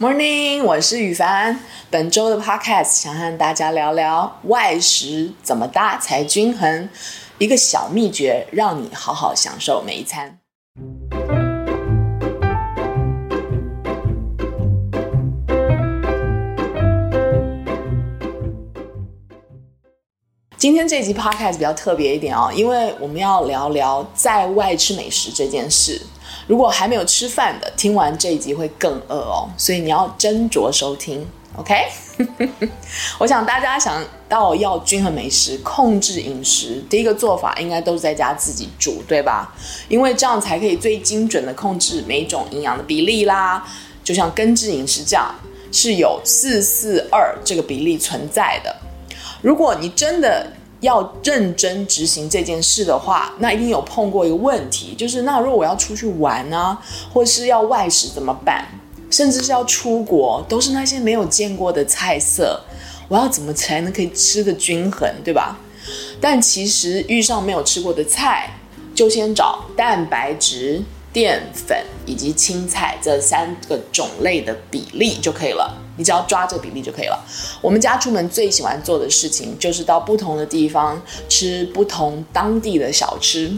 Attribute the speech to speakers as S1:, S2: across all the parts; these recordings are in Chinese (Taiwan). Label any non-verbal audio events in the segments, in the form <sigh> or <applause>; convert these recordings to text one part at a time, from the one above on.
S1: Morning，我是宇凡。本週的 Podcast 想和大家聊聊外食怎麼搭才均衡，一個小秘訣，讓你好好享受每一餐。今天這集 podcast 比較特別一點哦，因為我們要聊聊在外吃美食這件事。如果還沒有吃飯的，聽完這一集會更餓哦，所以你要斟酌收聽，OK？ <laughs> 我想大家想到要均衡飲食、控制飲食，第一個做法應該都是在家自己煮，對吧？因為這樣才可以最精準的控制每種營養的比例啦。就像根治飲食這樣，是有四四二這個比例存在的。如果你真的要認真執行這件事的話，那一定有碰過一個問題，就是那如果我要出去玩呢？啊，或是要外食怎麼辦？甚至是要出國，都是那些沒有見過的菜色，我要怎麼才能可以吃得均衡，對吧？但其實遇上沒有吃過的菜，就先找蛋白質。澱粉以及青菜這三個種類的比例就可以了，你只要抓這個比例就可以了。我們家出門最喜歡做的事情就是到不同的地方吃不同當地的小吃，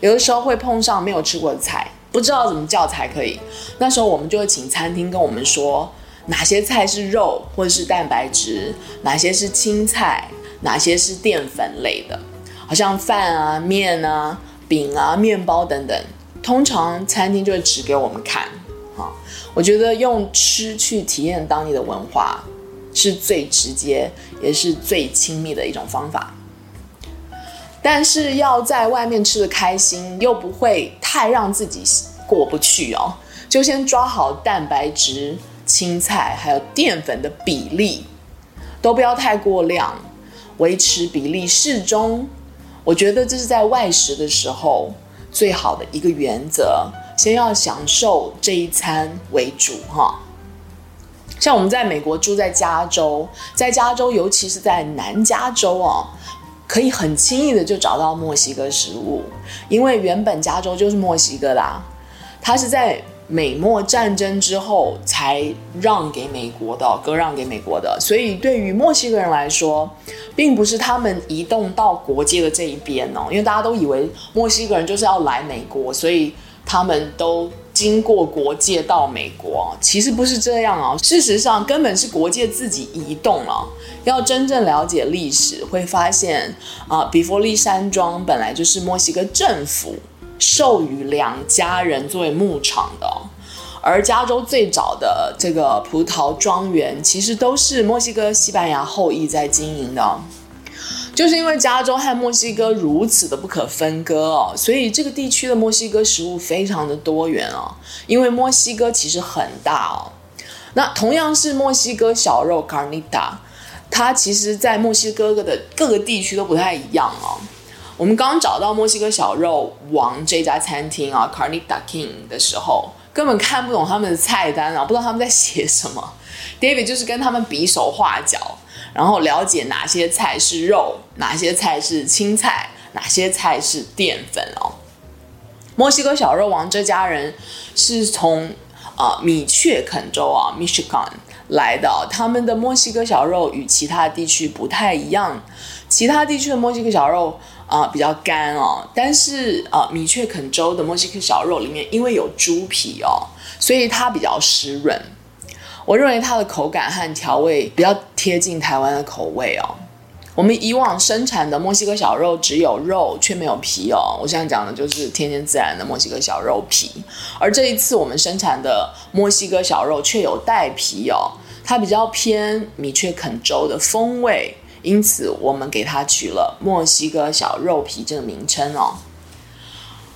S1: 有的時候會碰上沒有吃過的菜，不知道怎麼叫才可以。那時候我們就會請餐廳跟我們說哪些菜是肉或者是蛋白質，哪些是青菜，哪些是澱粉類的，好像飯啊、面啊、餅啊、麵包等等。通常餐廳就會指給我們看，哈，我覺得用吃去體驗當地的文化是最直接也是最親密的一種方法。但是要在外面吃的開心又不會太讓自己過不去哦，就先抓好蛋白質、青菜還有澱粉的比例，都不要太過量，維持比例適中。我覺得這是在外食的時候。最好的一個原則，先要享受這一餐為主哈。像我們在美國住在加州，在加州，尤其是在南加州哦，可以很輕易的就找到墨西哥食物，因為原本加州就是墨西哥啦，它是在。美墨戰爭之後才讓給美國的，割讓給美國的。所以對於墨西哥人來說，並不是他們移動到國界的這一邊哦，因為大家都以為墨西哥人就是要來美國，所以他們都經過國界到美國。其實不是這樣哦，事實上根本是國界自己移動了。要真正了解歷史，會發現啊，比佛利山莊本來就是墨西哥政府。授予兩家人作為牧場的哦，而加州最早的這個葡萄莊園其實都是墨西哥西班牙後裔在經營的哦，就是因為加州和墨西哥如此的不可分割哦，所以這個地區的墨西哥食物非常的多元哦，因為墨西哥其實很大哦。那同樣是墨西哥小肉卡尼塔，它其實在墨西哥的各個地區都不太一樣哦。我們剛找到墨西哥小肉王這家餐廳啊，Carnitas King 的時候，根本看不懂他們的菜單啊，不知道他們在寫什麼。David 就是跟他們比手畫腳，然後了解哪些菜是肉，哪些菜是青菜，哪些菜是澱粉哦。墨西哥小肉王這家人是從啊米雀肯州啊 Michigan 來的，他們的墨西哥小肉與其他地區不太一樣。其他地區的墨西哥小肉啊、呃、比較乾哦，但是啊、呃，米卻肯州的墨西哥小肉裡面因為有豬皮哦，所以它比較濕潤。我認為它的口感和調味比較貼近台灣的口味哦。我們以往生產的墨西哥小肉只有肉卻沒有皮哦，我現在講的就是天天自然的墨西哥小肉皮，而這一次我們生產的墨西哥小肉卻有帶皮哦，它比較偏米卻肯州的風味。因此，我們給它取了“墨西哥小肉皮”這個名稱哦。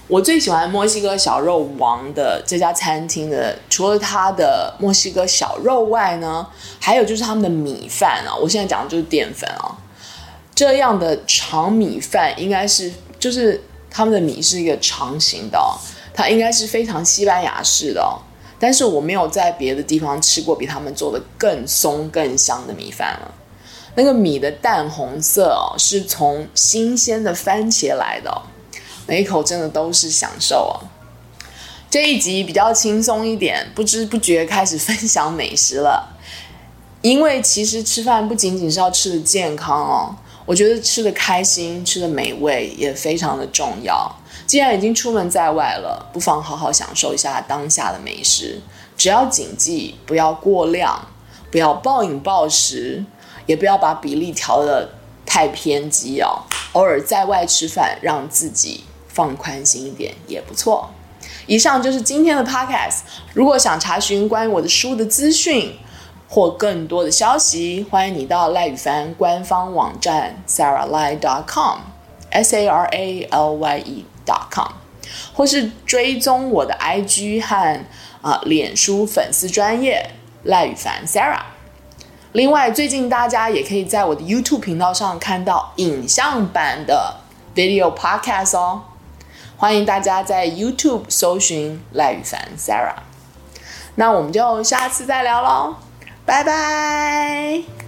S1: 我最喜歡墨西哥小肉王的這家餐廳的，除了它的墨西哥小肉外呢，還有就是他們的米飯啊、哦。我現在講的就是澱粉哦，這樣的長米飯應該是，就是他們的米是一個長形的、哦，它應該是非常西班牙式的哦。但是我沒有在別的地方吃過比他們做的更鬆更香的米飯了。那個米的淡紅色哦，是從新鮮的番茄來的哦，每一口真的都是享受哦。這一集比較輕鬆一點，不知不覺開始分享美食了。因為其實吃飯不僅僅是要吃的健康哦，我覺得吃的開心、吃的美味也非常的重要。既然已經出門在外了，不妨好好享受一下當下的美食。只要謹記，不要過量，不要暴飲暴食。也不要把比例調的太偏激哦，偶爾在外吃飯，讓自己放寬心一點也不錯。以上就是今天的 podcast。如果想查詢關於我的書的資訊或更多的消息，歡迎你到賴宇凡官方網站 saralye dot com s a r a l y e dot com，或是追蹤我的 IG 和、呃、臉書粉絲專頁賴宇凡 Sara。另外，最近大家也可以在我的 YouTube 頻道上看到影像版的 Video Podcast 哦，歡迎大家在 YouTube 搜尋賴宇凡 Sara。那我們就下次再聊嘍，拜拜。